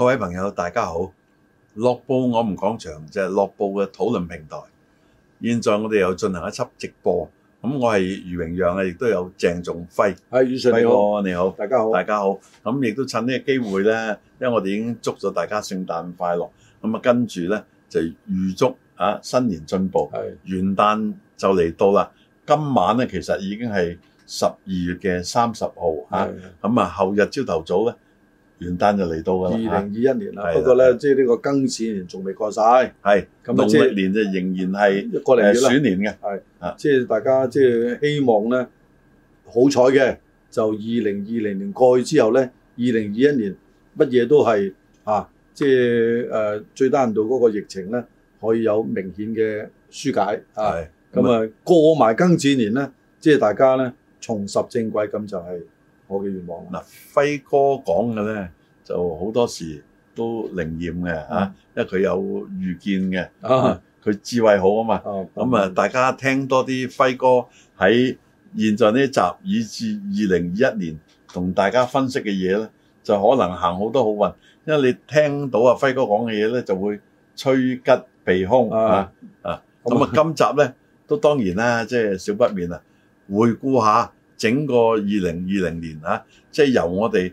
各位朋友，大家好！樂報我們講場，就係樂報嘅討論平台。現在我哋又進行一輯直播。咁我係余榮陽啊，亦都有鄭仲輝。係余順輝，你好，你好，大家好，大家好。咁亦都趁呢個機會呢，因為我哋已經祝咗大家聖誕快樂。咁啊，跟住呢，就預祝新年進步。元旦就嚟到啦。今晚呢，其實已經係十二月嘅三十號吓。咁啊，後日朝頭早呢。元旦就嚟到噶啦，二零二一年啦、啊。不過咧，即係呢個庚子年仲未過晒。係咁啊，即係年就仍然係過嚟嘅選年嘅，係即係大家即係希望咧，好彩嘅就二零二零年過去之後咧，二零二一年乜嘢都係嚇，即係誒最難到最低限度嗰個疫情咧，可以有明顯嘅疏解啊。咁啊，過埋庚子年咧，即係大家咧，重拾正軌咁就係我嘅願望。嗱、啊，輝哥講嘅咧。就好多時都靈驗嘅、嗯、因為佢有預見嘅、嗯，啊，佢智慧好啊嘛。咁、嗯、啊，嗯、大家聽多啲輝哥喺現在呢集以至二零二一年同大家分析嘅嘢咧，就可能行好多好運，因為你聽到啊輝哥講嘅嘢咧，就會趨吉避凶啊、嗯嗯嗯就是。啊，咁啊，今集咧都當然啦，即係少不免啊，回顧下整個二零二零年啊，即係由我哋。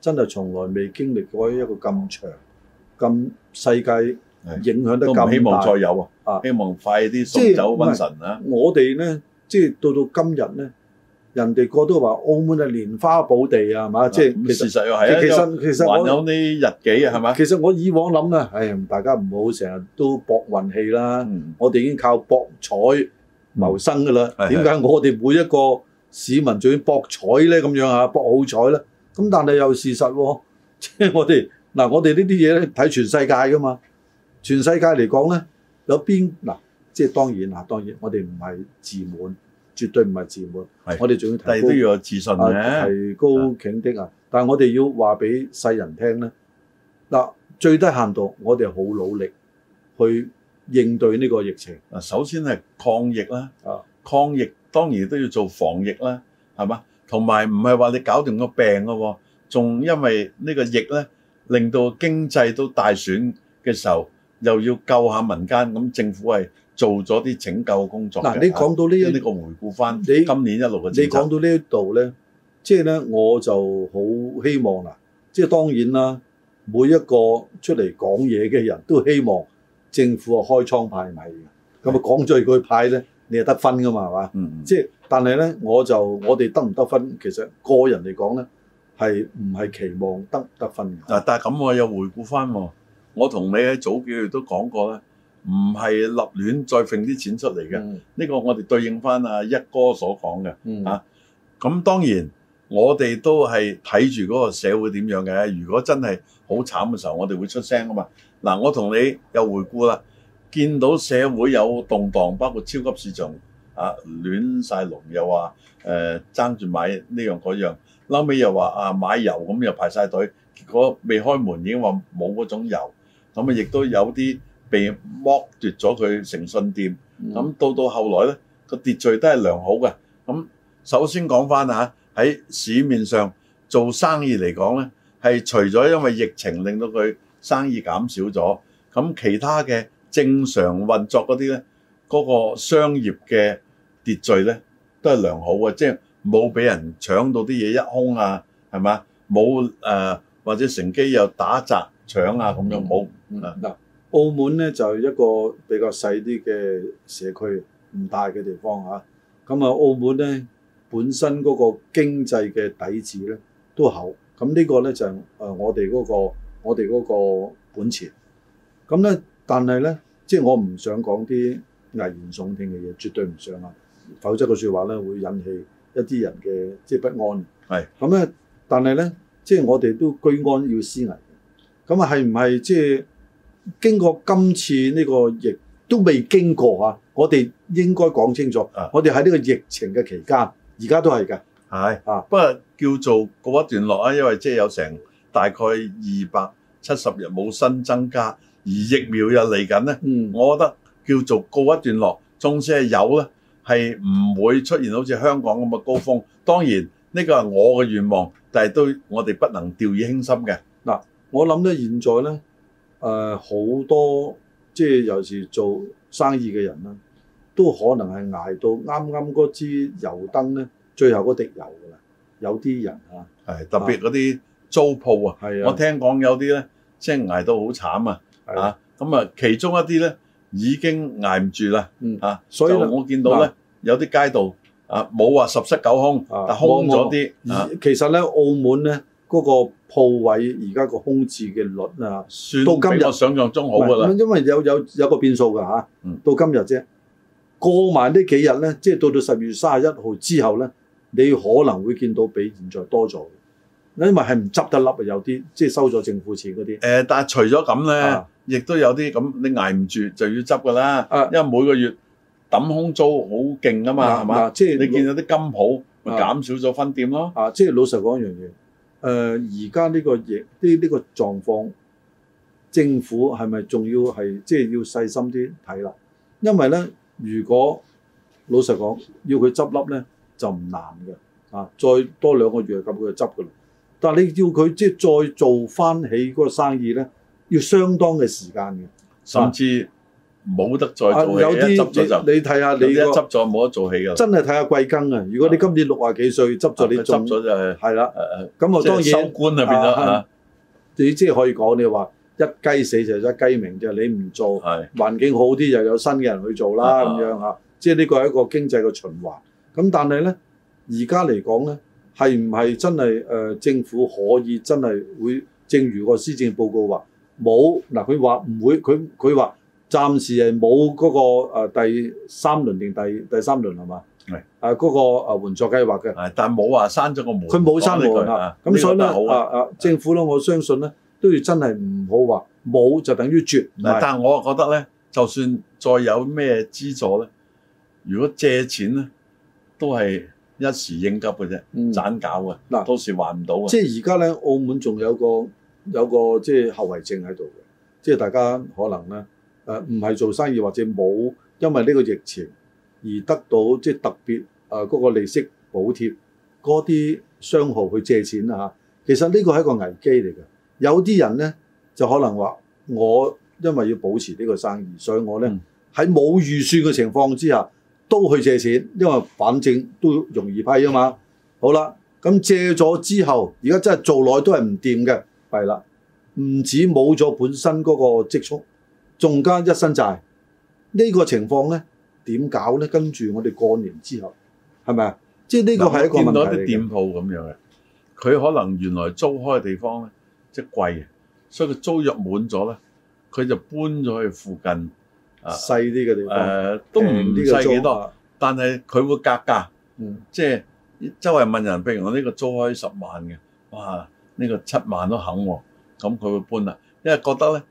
真係從來未經歷過一個咁長、咁世界影響得咁大，都唔希望再有啊！啊，希望快啲送走瘟神啊！就是嗯、我哋咧，即、就、係、是、到到今日咧，人哋個都話澳門係蓮花寶地啊，係、嗯、嘛？即係事實又係其實其實有啲日記啊，係嘛？其實我以往諗啊、哎，大家唔好成日都博運氣啦、嗯。我哋已經靠博彩謀生㗎啦。點、嗯、解我哋每一個市民仲要博彩咧？咁樣啊，博好彩咧？咁但係又事實喎，即係我哋嗱，我哋呢啲嘢咧，睇全世界噶嘛，全世界嚟講咧，有邊嗱，即係當然啊，當然我哋唔係自滿，絕對唔係自滿，我哋仲要，但係都要有自信嘅，提高警惕啊！但係我哋要話俾世人聽咧，嗱，最低限度我哋好努力去應對呢個疫情啊。首先係抗疫啦，抗疫當然都要做防疫啦，係嘛？同埋唔係話你搞掂個病個喎，仲因為呢個疫咧，令到經濟都大損嘅時候，又要救下民間咁，政府係做咗啲拯救工作。嗱，你講到呢呢個回顧翻，你今年一路嘅，你講到呢度咧，即係咧，我就好希望嗱，即係當然啦，每一個出嚟講嘢嘅人都希望政府係開倉派米嘅，咁啊講咗佢派咧。你係得分噶嘛，係嘛？即、嗯、係，但係咧，我就我哋得唔得分，其實個人嚟講咧，係唔係期望得得分嘅？啊，但係咁，我又回顧翻，我同你喺早幾日都講過咧，唔係立亂再揈啲錢出嚟嘅。呢、嗯呢個我哋對應翻阿一哥所講嘅、嗯。啊，咁當然我哋都係睇住嗰個社會點樣嘅。如果真係好慘嘅時候，我哋會出聲噶嘛。嗱、嗯，我同你又回顧啦。見到社會有動盪，包括超級市場啊亂曬龍，又話誒爭住買呢樣嗰樣，後尾又話啊買油咁又排曬隊，結果未開門已經話冇嗰種油，咁啊亦都有啲被剝奪咗佢誠信店。咁到到後來呢個秩序都係良好嘅。咁首先講翻吓喺市面上做生意嚟講呢，係除咗因為疫情令到佢生意減少咗，咁其他嘅。正常運作嗰啲咧，嗰、嗰個商業嘅秩序咧都係良好嘅，即係冇俾人搶到啲嘢一空啊，係咪？冇誒、呃，或者乘機又打砸搶啊咁樣冇嗱、嗯嗯嗯嗯，澳門咧就係、一個比較細啲嘅社區，唔大嘅地方嚇。咁啊，澳門咧本身嗰個經濟嘅底子咧都厚。咁呢、就係嗰個咧就誒我哋嗰個我哋嗰個本錢。咁咧。但係咧，即係我唔想講啲危言聳聽嘅嘢，絕對唔想啊！否則嘅說話咧會引起一啲人嘅即係不安。係咁咧，但係咧，即係我哋都居安要思危。咁啊，係唔係即係經過今次呢個疫都未經過啊？我哋應該講清楚。啊，我哋喺呢個疫情嘅期間，而家都係㗎。係啊，不過叫做告一段落啊，因為即係有成大概二百七十日冇新增加。而疫苗又嚟緊咧，我覺得叫做告一段落。縱使係有咧，係唔會出現好似香港咁嘅高峰。當然呢個係我嘅願望，但係都我哋不能掉以輕心嘅嗱。我諗到現在咧，誒好多即係有時做生意嘅人啦，都可能係捱到啱啱嗰支油燈咧最後嗰滴油㗎啦。有啲人啊，特別嗰啲租鋪啊，我聽講有啲咧即係捱到好慘啊！啊，咁啊，其中一啲咧已經挨唔住啦，嗯嗯，啊，所以我見到咧有啲街道啊冇話十室九空，啊、但空咗啲。空空空空空啊，其實咧澳門咧嗰，那個鋪位而家個空置嘅率啊，算到今比我想象中好㗎啦。因為有有有個變數㗎嚇，啊，到今日啫，過埋呢幾，就是，日咧，即係到到十二月三十一號之後咧，你可能會見到比現在多咗。因為係唔執得笠啊，有啲即係收咗政府錢嗰啲。誒、呃，但係除咗咁咧，亦、啊、都有啲咁，你挨唔住就要執噶啦。因為每個月抌空租好勁啊嘛，係、啊、嘛？即係你見到啲金鋪咪、啊、減少咗分店咯。啊，即係老實講一樣嘢。誒，而家呢個疫呢呢個狀況，政府係咪仲要係即係要細心啲睇啦？因為咧，如果老實講要佢執笠咧，就唔難嘅。啊，再多兩個月咁，佢就執噶啦。但你要佢即係再做翻起嗰個生意咧，要相當嘅時間嘅，甚至冇得再做。有啲你睇下，你執咗，冇得、這個、做起嘅。真係睇下貴庚嘅。如果你今年六啊幾歲執咗，你執咗就係係啦。咁啊當然收官啊面咗。你即係可以講你話一雞死就一雞鳴啫。你唔做，環境好啲又有新嘅人去做啦咁樣嚇。即係呢個係一個經濟嘅循環。咁但係咧，而家嚟講咧。係唔係真係誒、呃、政府可以真係會？正如個施政報告話冇嗱，佢話唔會，佢佢話暫時係冇嗰個第三輪定第第三輪係嘛？係啊，嗰、啊嗰個援助計劃嘅。但係冇話刪咗個門。佢冇刪門啊，咁所以咧、這個、啊啊，啊，政府咧，我相信咧都要真係唔好話冇就等於絕。但係我啊覺得咧，就算再有咩資助咧，如果借錢咧，都係。一時應急嘅啫，盞、嗯、搞啊，嗱、嗯，到時還唔到啊！即係而家咧，澳門仲有個有個即係後遺症喺度嘅，即係大家可能咧，呃、唔係做生意或者冇因為呢個疫情而得到即係特別誒嗰、呃嗰個利息補貼嗰啲商號去借錢啊吓。其實呢個係一個危機嚟嘅，有啲人咧就可能話我因為要保持呢個生意，所以我咧喺冇預算嘅情況之下。都去借錢，因為反正都容易批啊嘛。好啦，咁借咗之後，而家真係做耐都係唔掂嘅，係啦，唔止冇咗本身嗰個積蓄，仲加一身債。呢個情況咧點搞咧？跟住我哋過年之後係咪啊？即係呢個係一個問題嚟嘅。見到啲店鋪咁樣嘅，佢可能原來租開嘅地方咧即係貴，所以佢租約滿咗咧，佢就搬咗去附近，細啲嘅地方，誒、呃，都唔細幾多、嗯，但係佢會格價、嗯，即係周圍問人，譬如我呢個租開十萬嘅，哇，呢、這個七萬都肯、哦，咁佢會搬啦，因為覺得咧、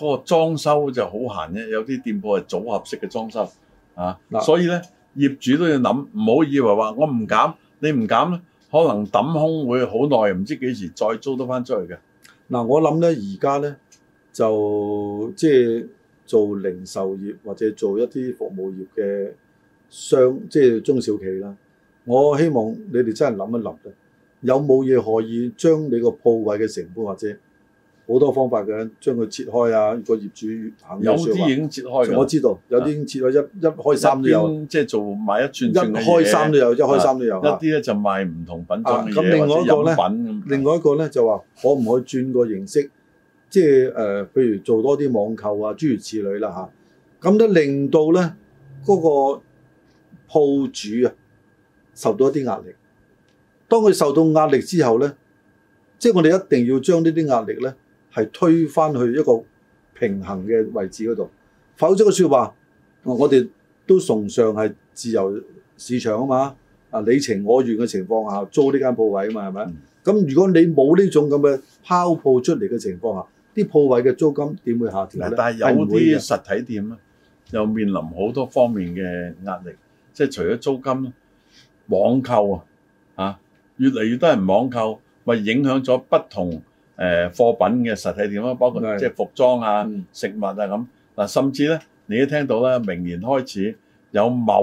那個裝修就好閒啫，有啲店鋪係組合式嘅裝修，啊，所以咧業主都要諗，唔好以為話我唔減，你唔減咧，可能抌空會好耐，唔知幾時再租得翻出去嘅。嗱、啊，我諗咧而家咧就即係。做零售業或者做一啲服務業嘅商，即係中小企啦。我希望你哋真係諗一諗嘅，有冇嘢可以將你個鋪位嘅成本或者好多方法嘅，將佢切開啊？個業主行有啲已，已經切開，我知道有啲已經切開一一開三都有，即係、就係、做賣一串，串嘅嘢，一開三都有，一開三都有。的一啲咧就賣唔同品種嘅嘢，咁另外一個咧另外一個咧就話可唔可以轉個形式？即係誒，譬、呃、如做多啲網購啊，諸如此類啦吓，咁、啊、都令到咧嗰、那個鋪主啊受到一啲壓力。當佢受到壓力之後咧，即係我哋一定要將呢啲壓力咧係推返去一個平衡嘅位置嗰度。否則嘅說話，我哋都崇尚係自由市場啊嘛。啊，你情我願嘅情況下租呢間鋪位啊嘛，係咪？咁如果你冇呢種咁嘅拋鋪出嚟嘅情況下，啲鋪位嘅租金點會下調咧？但係有啲實體店咧，又面臨好多方面嘅壓力，即係除咗租金，網購啊，啊越嚟越多人網購，咪影響咗不同誒貨品嘅實體店咯，包括即係服裝啊、食物啊咁。嗱，甚至咧，你都聽到咧，明年開始有某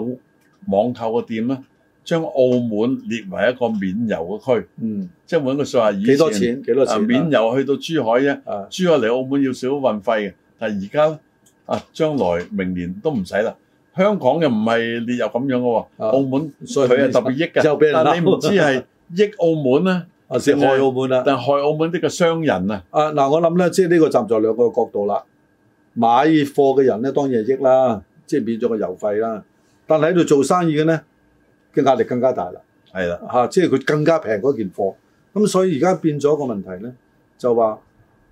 網購嘅店咧。將澳門列為一個免郵嘅區，嗯，即係每個數下以前幾多錢幾多錢免郵去到珠海啫，珠海嚟澳門要少運費嘅。但係而家啊，將來明年都唔使啦。香港嘅唔係列入咁樣嘅喎，澳門所以佢係特別益嘅，但係你唔知係益澳門啦，定害澳門啦？但係害澳門啲嘅商人啊？啊嗱，我諗咧，即係呢個站在兩個角度啦。買貨嘅人咧當然係益啦，即係變咗個郵費啦。但係喺度做生意嘅咧。嘅壓力更加大啦，係啦嚇，即係佢更加平嗰件貨，咁所以而家變咗個問題咧，就話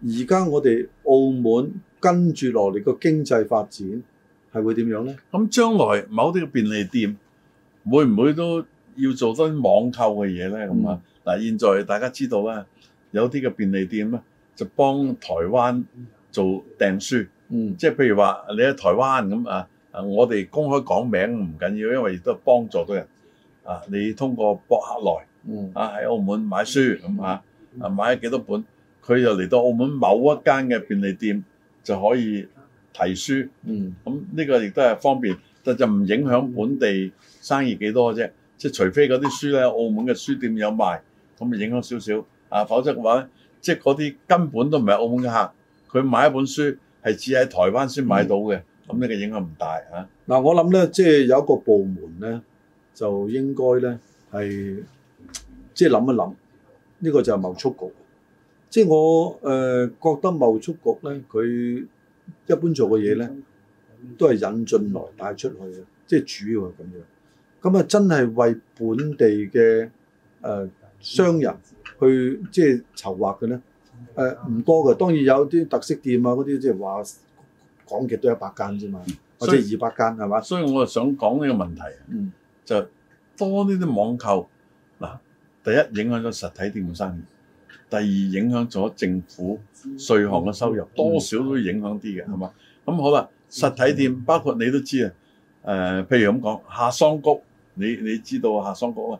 而家我哋澳門跟住落嚟個經濟發展係會點樣咧？咁將來某啲嘅便利店會唔會都要做多啲網購嘅嘢咧？咁啊嗱，現在大家知道咧、啊，有啲嘅便利店咧、啊、就幫台灣做訂書，嗯，即係譬如話你喺台灣咁啊，我哋公開講名唔緊要，因為亦都係幫助到人。啊！你通過博客來啊，喺澳門買書咁嚇，啊買咗幾多本？佢又嚟到澳門某一間嘅便利店就可以提書。嗯，咁呢個亦都係方便，但就唔影響本地生意幾多啫。即係除非嗰啲書咧，澳門嘅書店有賣，咁咪影響少少啊。否則嘅話咧，即係嗰啲根本都唔係澳門嘅客，佢買一本書係只喺台灣先買到嘅，咁呢個影響唔大嚇。嗱，我諗咧，即係有一個部門咧。就應該咧係即係諗一諗，呢、這個就係貿促局。即係我誒、呃、覺得貿促局咧，佢一般做嘅嘢咧，都係引進來帶出去嘅，即係主要係咁樣的。咁啊，真係為本地嘅誒、呃、商人去即係籌劃嘅咧，誒、呃、唔多嘅。當然有啲特色店啊，嗰啲即係話講極都一百間啫嘛，或者二百間係嘛。所以我就想講呢個問題。嗯。就多呢啲網購嗱，第一影響咗實體店嘅生意，第二影響咗政府稅項嘅收入，多少都影響啲嘅，係、嗯、嘛？咁好啦，實體店包括你都知啊，誒、呃，譬如咁講夏桑菊，你你知道夏桑菊啊？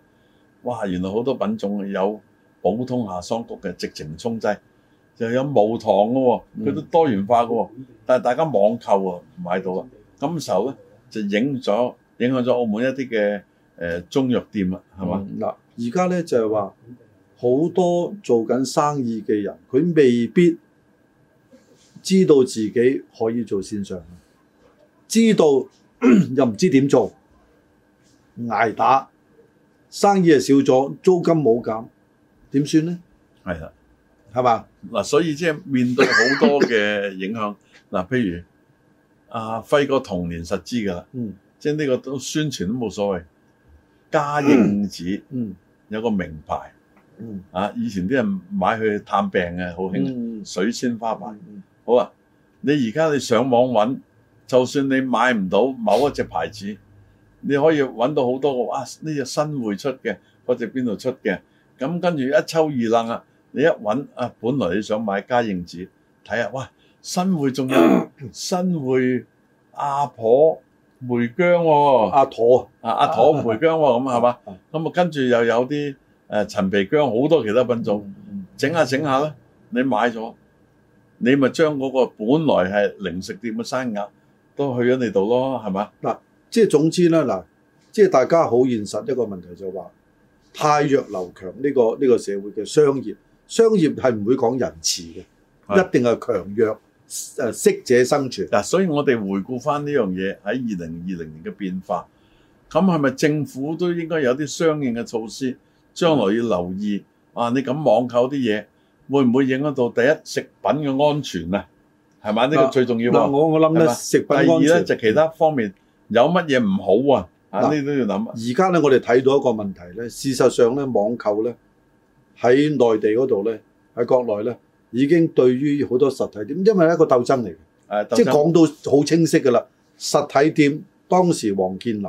哇，原來好多品種有普通夏桑菊嘅，直情沖劑，就有冇糖嘅喎，佢都多元化嘅喎、嗯，但係大家網購啊，唔買到啦，咁時候咧就影咗。影響咗澳門一啲嘅誒中藥店啊，係嘛？嗱，而家咧就係話好多做緊生意嘅人，佢未必知道自己可以做線上，知道又唔知點做，捱打生意係少咗，租金冇減，點算咧？係啦，係嘛？嗱，所以即係面對好多嘅影響，嗱， 譬如阿輝哥童年實知㗎啦。嗯。即係呢個都宣傳都冇所謂，嘉應子、嗯、有個名牌、嗯、啊！以前啲人買去探病嘅好興，水仙花牌、嗯嗯、好啊！你而家你上網揾，就算你買唔到某一隻牌子，你可以揾到好多個啊，呢隻新會出嘅，嗰隻邊度出嘅？咁跟住一抽二楞啊！你一揾啊，本來你想買嘉應子，睇下哇，新會仲有新、嗯、會阿婆。梅薑喎、哦，阿妥啊，阿妥梅薑喎、哦，咁係係嘛？咁啊跟住又有啲誒陳皮薑，好多其他品種，整下整下呢，你買咗，你咪將嗰個本來係零食店嘅生意都去咗你度咯，係咪？嗱，即係總之呢，嗱，即係大家好現實一個問題就話、是這個，汰弱留強呢個呢個社會嘅商業，商業係唔會講仁慈嘅，一定係強弱。誒適者生存嗱、啊，所以我哋回顧翻呢樣嘢喺二零二零年嘅變化，咁係咪政府都應該有啲相應嘅措施？將來要留意、嗯、啊！你咁網購啲嘢，會唔會影響到第一食品嘅安全呢啊？係咪呢個最重要、啊、我我諗咧，食品安全第二咧就其他方面有乜嘢唔好啊？嗱、啊，啊、呢啲要諗。而家咧，我哋睇到一個問題咧，事實上咧，網購咧喺內地嗰度咧，喺國內咧。已經對於好多實體店，因為一個鬥爭嚟嘅，即係講到好清晰㗎啦。實體店當時王健林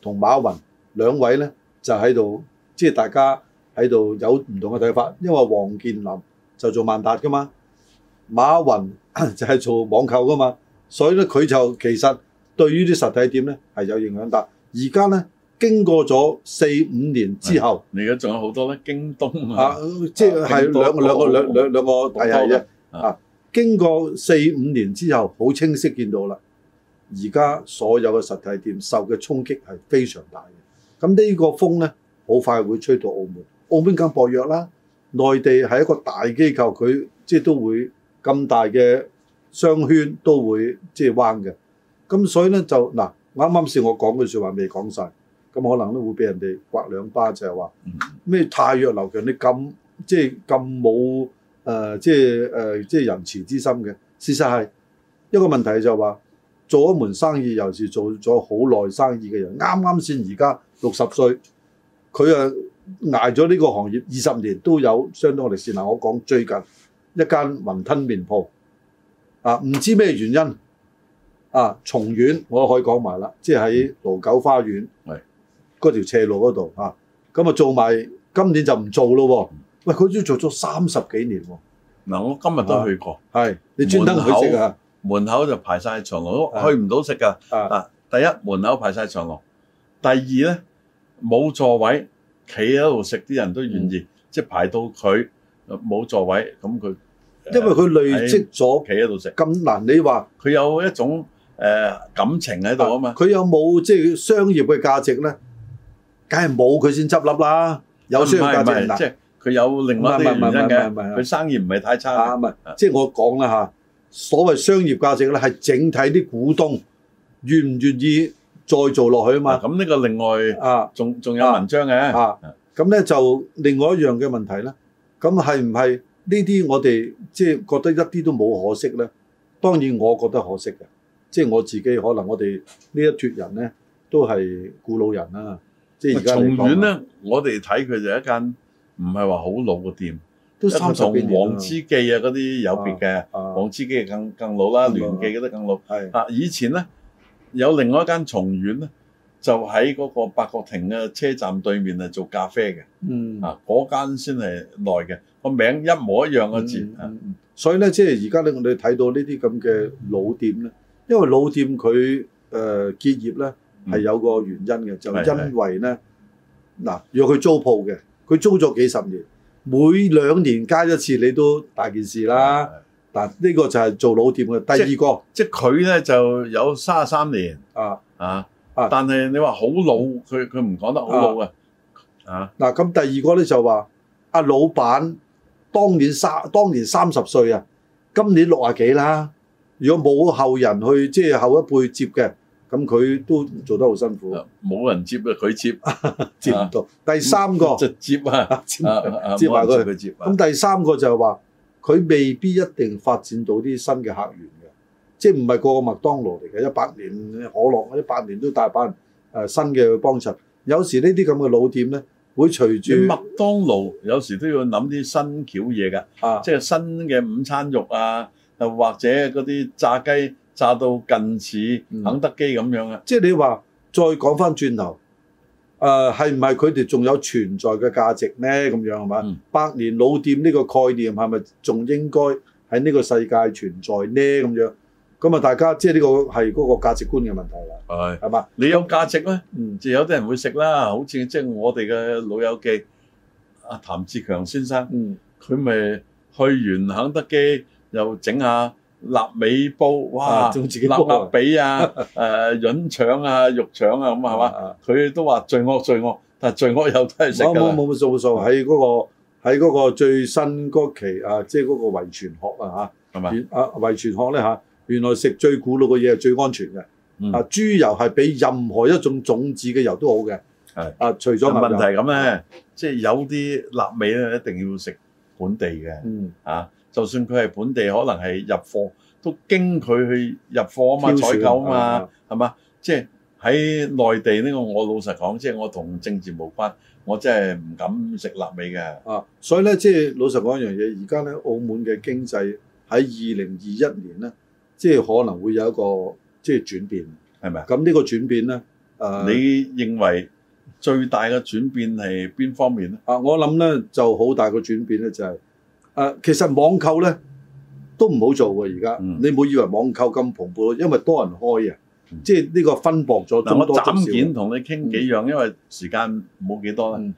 同馬雲兩位呢，就喺度，即係大家喺度有唔同嘅睇法，因為王健林就做萬達㗎嘛，馬雲就係做網購㗎嘛，所以呢，佢就其實對於啲實體店呢係有影響，但而家呢。經過咗四五年之後，你而家仲有好多咩？京東啊，啊即係兩兩個兩兩兩個，係係啊。經過四五年之後，好清晰見到啦。而家所有嘅實體店受嘅衝擊係非常大嘅。咁呢個風咧，好快會吹到澳門。澳門更薄弱啦，內地係一個大機構，佢即係都會咁大嘅商圈都會即係彎嘅。咁所以咧就嗱，啱啱先我講嘅説話未講晒。沒咁可能都會俾人哋刮兩巴，就係話咩汰弱留強，你咁即係咁冇誒，即係誒、呃，即係仁、呃、慈之心嘅事實係一個問題就係話做一門生意又是做咗好耐生意嘅人，啱啱先而家六十歲，佢啊捱咗呢個行業二十年都有相當嘅歷史。嗱，我講最近一間雲吞麵鋪啊，唔知咩原因啊，松苑我都可以講埋啦，即係喺盧九花園。嗰條斜路嗰度嚇，咁啊做埋今年就唔做咯喎！喂、哎，佢都做咗三十幾年喎。嗱、嗯，我今日都去過，係你專登去食啊！門口就排晒長龍，去唔到食噶。啊，第一門口排晒長龍，第二咧冇座位，企喺度食啲人都願意，嗯、即係排到佢冇座位咁佢。因為佢累積咗企喺度食咁難，你話佢有一種、呃、感情喺度啊嘛？佢有冇即係商業嘅價值咧？梗係冇佢先執笠啦，有商業價值。唔係唔係，即係佢有另外啲原因嘅，佢生意唔係太差。唔係，即係我講啦嚇，所謂商業價值咧，係整體啲股東願唔願意再做落去啊嘛。咁呢個另外啊，仲仲有文章嘅啊。咁咧就另外一樣嘅問題咧，咁係唔係呢啲我哋即係覺得一啲都冇可惜咧？當然我覺得可惜嘅，即係我自己可能我哋呢一撮人咧都係古老人啦。即係松苑咧，我哋睇佢就一間唔係話好老嘅店，一三從黃枝記啊嗰啲有別嘅黃、啊啊、枝記更更老啦，聯記嗰啲更老。啊，以前咧有另外一間松苑咧，就喺嗰個八角亭嘅車站對面係做咖啡嘅。嗯啊，嗰間先係耐嘅，個名一模一樣嘅字、嗯、啊、嗯，所以咧即係而家咧我哋睇到呢啲咁嘅老店咧、嗯，因為老店佢誒結業咧。係有個原因嘅，嗯、就因為咧，嗱，若佢租鋪嘅，佢租咗幾十年，每兩年加一次，你都大件事啦。是是是但呢個就係做老店嘅。第二個，即佢咧就有三十三年啊啊，啊但係你話好老，佢佢唔講得好老嘅啊。嗱咁第二個咧就話，阿老闆當年三當年三十歲啊，今年六啊幾啦。如果冇後人去，即係後一輩接嘅。咁佢都做得好辛苦，冇人接啊，佢接， 接唔到。第三個就、嗯、接啊，接埋佢、啊、接。咁、啊啊啊、第三個就係話，佢未必一定發展到啲新嘅客源嘅，即係唔係個個麥當勞嚟嘅，一百年可樂一百年都大班、啊、新嘅幫襯。有時呢啲咁嘅老店咧，會隨住麥當勞有時都要諗啲新橋嘢㗎，即係新嘅午餐肉啊，又或者嗰啲炸雞。炸到近似、嗯、肯德基咁樣嘅、啊，即係你話再講返轉頭，誒係唔係佢哋仲有存在嘅價值咧？咁樣係嘛、嗯？百年老店呢個概念係咪仲應該喺呢個世界存在咧？咁樣咁啊，大家即係呢個係嗰個價值觀嘅問題啦。係、嗯，係嘛？你有價值咧、嗯，就有啲人會食啦。好似即係我哋嘅老友記阿、啊、譚志強先生，佢、嗯、咪去完肯德基又整下。臘味煲，哇，臘臘比啊，誒、啊，膶、啊 啊、腸啊，肉腸啊，咁係嘛，佢、啊啊、都話罪惡罪惡，但罪惡又都係食㗎。冇冇冇冇數冇數，喺嗰、啊那個喺嗰個最新嗰期啊，即係嗰個遺傳學啊嚇，係咪？啊，啊遺傳學咧嚇，原來食最古老嘅嘢係最安全嘅、嗯。啊豬油係比任何一種種子嘅油都好嘅。係啊，除咗問題咁咧、啊，即係有啲臘味咧一定要食本地嘅。嗯啊。就算佢係本地，可能係入貨，都經佢去入貨啊嘛，採購啊嘛，係嘛？即係喺內地呢個，我老實講，即係我同政治無關，我真係唔敢食臘味嘅。啊，所以咧，即係老實講一樣嘢，而家咧，澳門嘅經濟喺二零二一年咧，即係可能會有一個即係轉變，係咪啊？咁呢個轉變咧，誒，你認為最大嘅轉變係邊方面咧？啊，我諗咧就好大個轉變咧，就係。誒、uh,，其實網購咧都唔好做嘅，而家、嗯、你唔好以為網購咁蓬勃，因為多人開啊、嗯，即係呢個分薄咗好多、嗯。我揀件同你傾幾樣、嗯，因為時間冇幾多啦。嗯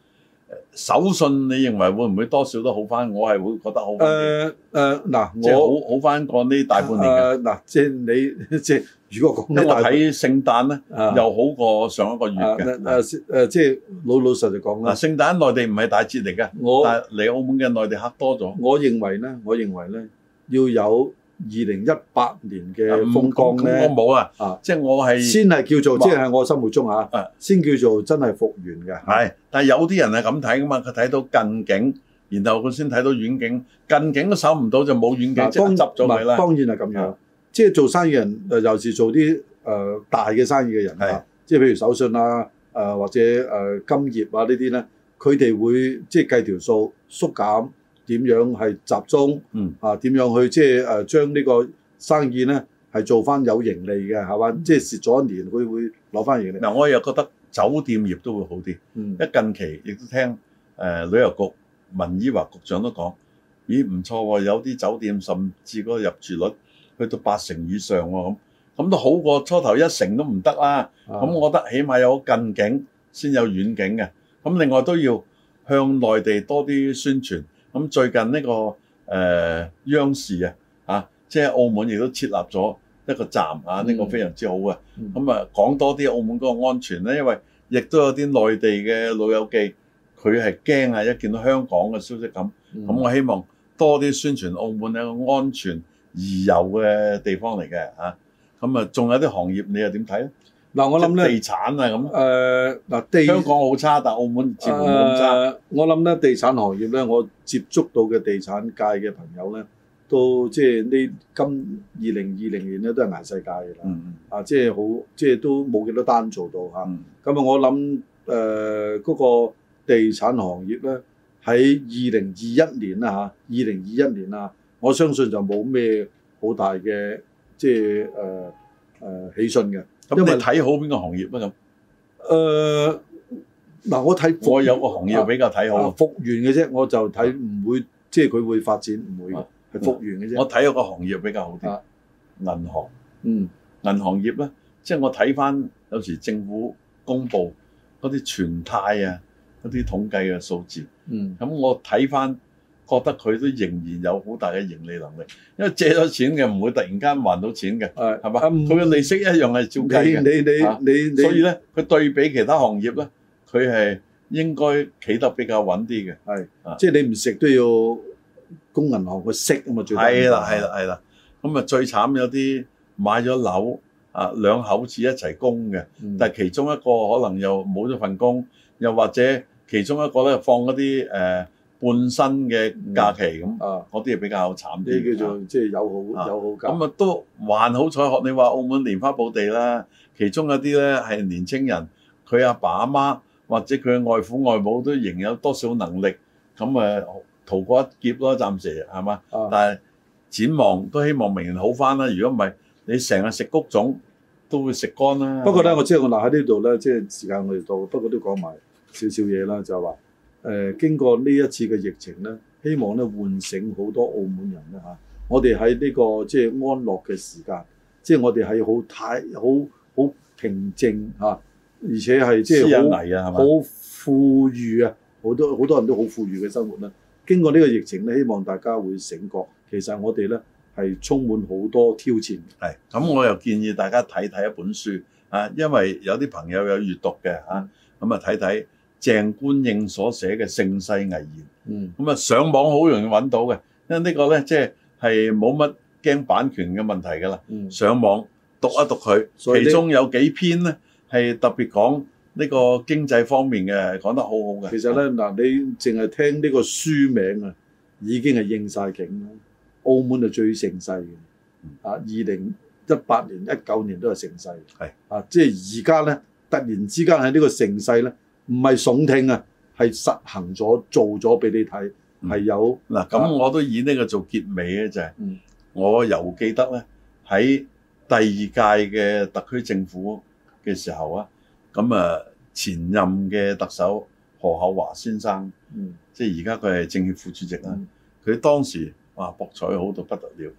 手信你認為會唔會多少都好返？我係會覺得好返。誒誒，嗱，我好好返過呢大半年嘅。嗱、uh, nah,，即係你即係如果講我喺聖誕咧，uh, 又好過上一個月嘅。誒、uh, 誒、uh, uh,，uh, 即係老老實實講啦。聖誕內地唔係大節嚟嘅，我但係嚟澳門嘅內地客多咗。我認為咧，我認為咧要有。二零一八年嘅風光咧，我冇啊，啊，即係我係先係叫做，即係、就是、我心目中啊，啊，先叫做真係復原嘅。係，但係有啲人係咁睇噶嘛，佢睇到近景，然後佢先睇到遠景，近景都守唔到就冇遠景，就執咗咪啦。當然係咁樣，啊、即係做生意人，尤其係做啲誒、呃、大嘅生意嘅人，係即係譬如手信啊，誒、呃、或者誒、呃、金業啊呢啲咧，佢哋會即係計條數縮減。點樣係集中啊？點樣去即係誒將呢個生意咧係做翻有盈利嘅係嘛？即係蝕咗一年，佢會攞翻盈利。嗱，我又覺得酒店業都會好啲。一近期亦都聽誒旅遊局文綺華局長都講，咦唔錯喎，有啲酒店甚至個入住率去到八成以上喎，咁，咁都好過初頭一成都唔得啦。咁我覺得起碼有近景先有遠景嘅。咁另外都要向內地多啲宣傳。咁最近呢、這個誒、呃、央視啊，即係澳門亦都設立咗一個站啊，呢、這個非常之好嘅。咁、嗯、啊，講多啲澳門嗰個安全咧，因為亦都有啲內地嘅老友記，佢係驚啊，一見到香港嘅消息咁。咁、嗯、我希望多啲宣傳澳門係一個安全而有嘅地方嚟嘅啊。咁啊，仲有啲行業你又點睇咧？嗱，我諗咧，地產啊咁誒嗱，香港好差，但澳門接唔到咁差。呃、我諗咧，地產行業咧，我接觸到嘅地產界嘅朋友咧，都即係呢今二零二零年咧都係捱世界嘅啦、嗯。啊，即係好，即係都冇幾多單做到嚇。咁啊，嗯、那我諗誒嗰個地產行業咧，喺二零二一年啦嚇，二零二一年啊，我相信就冇咩好大嘅即係誒誒喜訊嘅。咁你睇好邊個行業？咁，誒、呃、嗱，我睇再有個行業比較睇好啊，復原嘅啫，我就睇唔會，啊、即係佢會發展唔會，係復原嘅啫。我睇有個行業比較好啲，銀、啊、行，嗯，銀行業咧，即係我睇翻有時政府公布嗰啲存貸啊，嗰啲統計嘅數字，嗯，咁我睇翻。覺得佢都仍然有好大嘅盈利能力，因為借咗錢嘅唔會突然間還到錢嘅，係嘛？佢嘅利息一樣係照計嘅。你你你你所以咧，佢對比其他行業咧，佢係應該企得比較穩啲嘅。係啊，即係你唔食都要供銀行個息啊嘛，最緊要係啦係啦係啦。咁啊最慘有啲買咗樓啊，兩口子一齊供嘅，但係其中一個可能又冇咗份工，又或者其中一個咧放一啲誒。半薪嘅假期咁，嗰啲嘢比較慘啲。叫做即係友好友好。咁啊，啊都還好彩，學你話澳門蓮花寶地啦。其中一啲咧係年青人，佢阿爸阿媽或者佢外父外母都仍有多少能力，咁啊逃過一劫咯。暫時係嘛、啊？但係展望都希望明年好翻啦。如果唔係，你成日食谷種都會食乾啦。不過咧，我即係我留喺呢度咧，即係時間我哋到，不過都講埋少少嘢啦，就係話。誒、呃、經過呢一次嘅疫情咧，希望咧喚醒好多澳門人咧、啊、嚇。我哋喺呢個即係安樂嘅時間，即係我哋係好太好好平靜啊而且係即係好、啊、富裕啊，好多好多人都好富裕嘅生活啦、啊。經過呢個疫情咧，希望大家會醒覺，其實我哋咧係充滿好多挑戰。係咁，我又建議大家睇睇一本書啊，因為有啲朋友有閱讀嘅嚇，咁啊睇睇。鄭觀應所寫嘅《盛世危言》，咁啊上網好容易揾到嘅，因為呢個咧即係係冇乜驚版權嘅問題㗎啦。上網讀一讀佢，其中有幾篇咧係特別講呢個經濟方面嘅，講得好好嘅。其實咧嗱，你淨係聽呢個書名啊，已經係應晒景啦。澳門係，最盛世嘅啊，二零一八年、一九年都係盛世。係啊，即係而家咧，突然之間喺呢個盛世咧。.唔係聳聽啊，係實行咗做咗俾你睇，係、嗯、有嗱咁，嗯、我都以呢個做結尾咧就係、是嗯，我又記得咧喺第二屆嘅特區政府嘅時候啊，咁啊前任嘅特首何厚鏵先生，嗯、即係而家佢係政協副主席啦佢、嗯、當時哇博彩好到不得了，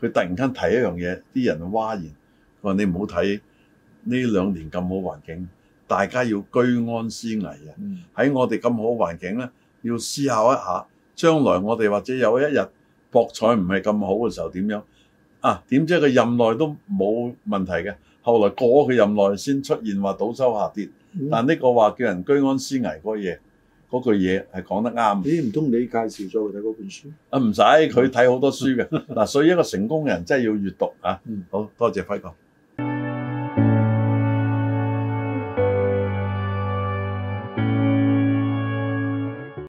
佢突然間提一樣嘢，啲人話嘩然，佢話你唔好睇呢兩年咁好環境。大家要居安思危啊！喺我哋咁好環境咧，要思考一下將來我哋或者有一日博彩唔係咁好嘅時候點樣啊？點知佢任內都冇問題嘅，後來過佢任內先出現話倒收下跌。嗯、但呢個話叫人居安思危嗰嘢，嗰句嘢係講得啱。你唔通你介紹咗佢睇嗰本書啊？唔使佢睇好多書嘅嗱， 所以一個成功的人真係要閱讀啊！好多謝輝哥。